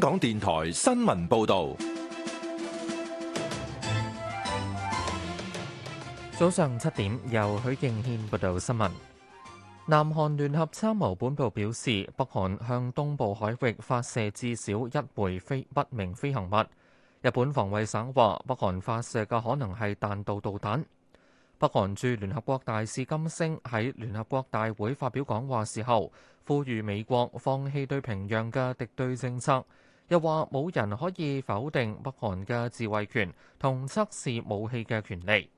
香港電台新聞報道，早上七點由許敬軒報道新聞。南韓聯合參謀本部表示，北韓向東部海域發射至少一枚飛不明飛行物。日本防衛省話，北韓發射嘅可能係彈道導彈。北韓駐聯合國大使金星喺聯合國大會發表講話時候，呼籲美國放棄對平壤嘅敵對政策。又話冇人可以否定北韓嘅自衛權同測試武器嘅權利。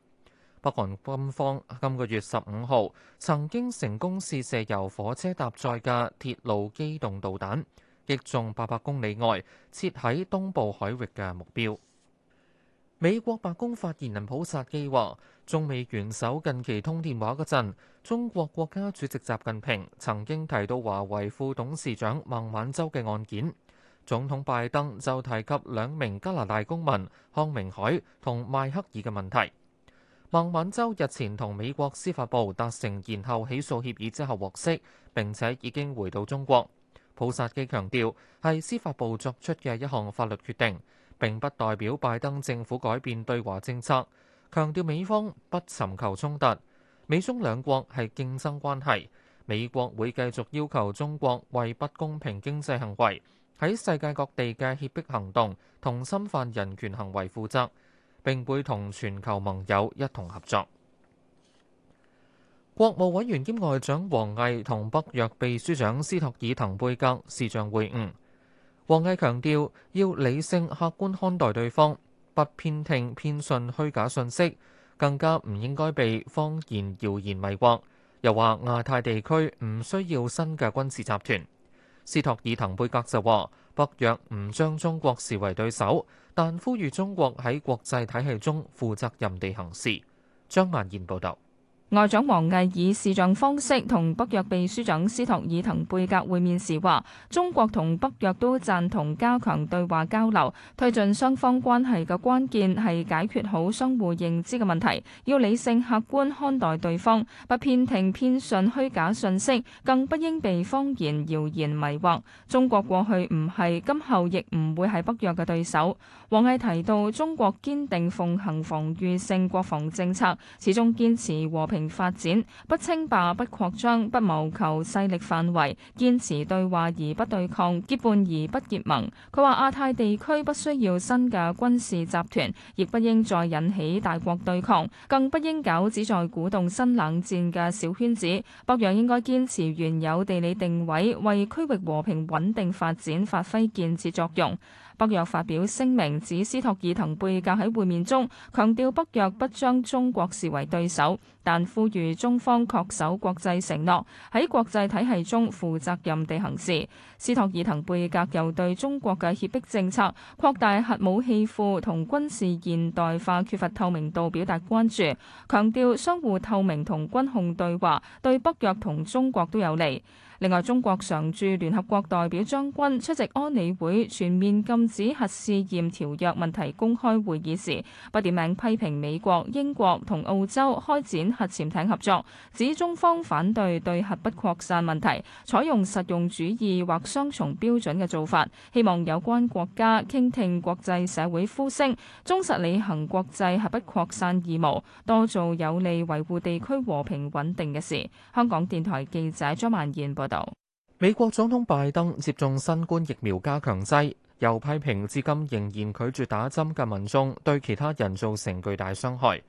北韓軍方今個月十五號曾經成功試射由火車搭載嘅鐵路機動導彈，擊中八百公里外設喺東部海域嘅目標。美國白宮發言人普薩基話，中美元首近期通電話嗰陣，中國國家主席習近平曾經提到華為副董事長孟晚舟嘅案件。總統拜登就提及兩名加拿大公民康明凱同邁克爾嘅問題。孟晚舟日前同美國司法部達成延後起訴協議之後獲釋，並且已經回到中國。普薩基強調係司法部作出嘅一項法律決定，並不代表拜登政府改變對華政策。強調美方不尋求衝突，美中兩國係競爭關係，美國會繼續要求中國為不公平經濟行為喺世界各地嘅脅迫行動同侵犯人權行為負責，並會同全球盟友一同合作。國務委員兼外長王毅同北約秘書長斯托爾滕貝格視像會晤。王毅強調要理性客觀看待對方，不偏聽偏信虛假信息，更加唔應該被謊言謠言迷惑。又話亞太地區唔需要新嘅軍事集團。斯托爾滕貝格就話。北約唔將中國視為對手，但呼籲中國喺國際體系中負責任地行事。張萬燕報道。外長王毅以視像方式同北約秘書長斯托爾滕貝格會面時話：中國同北約都贊同加強對話交流，推進雙方關係嘅關鍵係解決好相互認知嘅問題，要理性客觀看待對方，不偏聽偏信虛假信息，更不應被謊言謠言迷惑。中國過去唔係，今後亦唔會係北約嘅對手。王毅提到，中國堅定奉行防禦性國防政策，始終堅持和平發展不稱霸、不擴張、不謀求勢力範圍，堅持對話而不對抗，結伴而不結盟。佢話亞太地區不需要新嘅軍事集團，亦不應再引起大國對抗，更不應搞只在鼓動新冷戰嘅小圈子。北約應該堅持原有地理定位，為區域和平穩定發展發揮建設作用。北約發表聲明指，斯托爾滕貝格喺會面中強調，強調北約不將中國視為對手，但呼籲中方恪守國際承諾，喺國際體系中負責任地行事。斯托爾滕貝格又對中國嘅脅迫政策、擴大核武器庫同軍事現代化缺乏透明度表達關注，強調相互透明同軍控對話對北約同中國都有利。另外，中國常駐聯合國代表張軍出席安理會全面禁止核試驗條約問題公開會議時，不點名批評美國、英國同澳洲開展核潛艇合作，指中方反對對核不擴散問題採用實用主義或雙重標準嘅做法，希望有關國家傾聽國際社會呼聲，忠實履行國際核不擴散義務，多做有利維護地區和平穩定嘅事。香港電台記者張曼燕。美國總統拜登接種新冠疫苗加強劑，又批評至今仍然拒絕打針嘅民眾對其他人造成巨大傷害。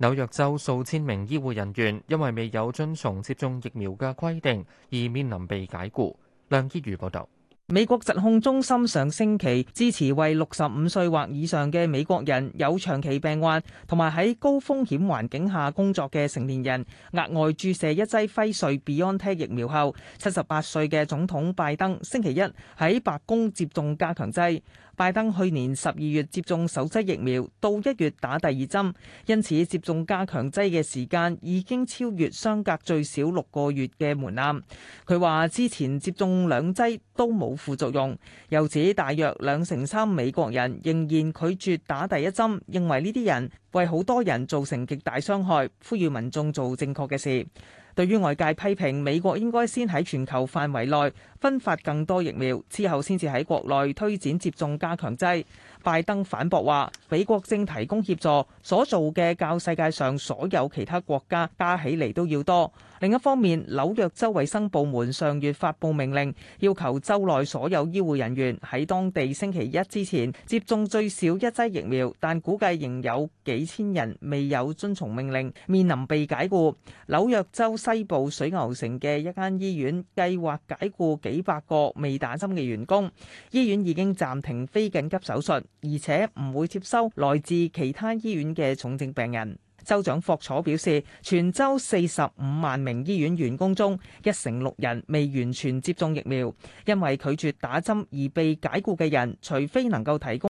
紐約州數千名醫護人員因為未有遵從接種疫苗嘅規定，而面臨被解雇。梁業如報道。美國疾控中心上星期支持為六十五歲或以上嘅美國人、有長期病患同埋喺高風險環境下工作嘅成年人額外注射一劑輝瑞、BioNTech 疫苗後，七十八歲嘅總統拜登星期一喺白宮接種加強劑。拜登去年十二月接種首劑疫苗，到一月打第二針，因此接種加強劑嘅時間已經超越相隔最少六個月嘅門檻。佢話之前接種兩劑都冇。副作用，由此大約兩成三美國人仍然拒絕打第一針，認為呢啲人為好多人造成極大傷害，呼籲民眾做正確嘅事。對於外界批評，美國應該先喺全球範圍內分發更多疫苗，之後先至喺國內推展接種加強劑。拜登反駁話，美國正提供協助，所做嘅較世界上所有其他國家加起嚟都要多。另一方面，紐約州衛生部門上月發布命令，要求州內所有醫護人員喺當地星期一之前接種最少一劑疫苗，但估計仍有幾千人未有遵從命令，面臨被解雇。紐約州西部水牛城嘅一間醫院計劃解雇幾百個未打針嘅員工，醫院已經暫停非緊急手術。而且唔會接收來自其他醫院嘅重症病人。州長霍楚表示，全州四十五萬名醫院員工中，一成六人未完全接種疫苗，因為拒絕打針而被解雇嘅人，除非能夠提供。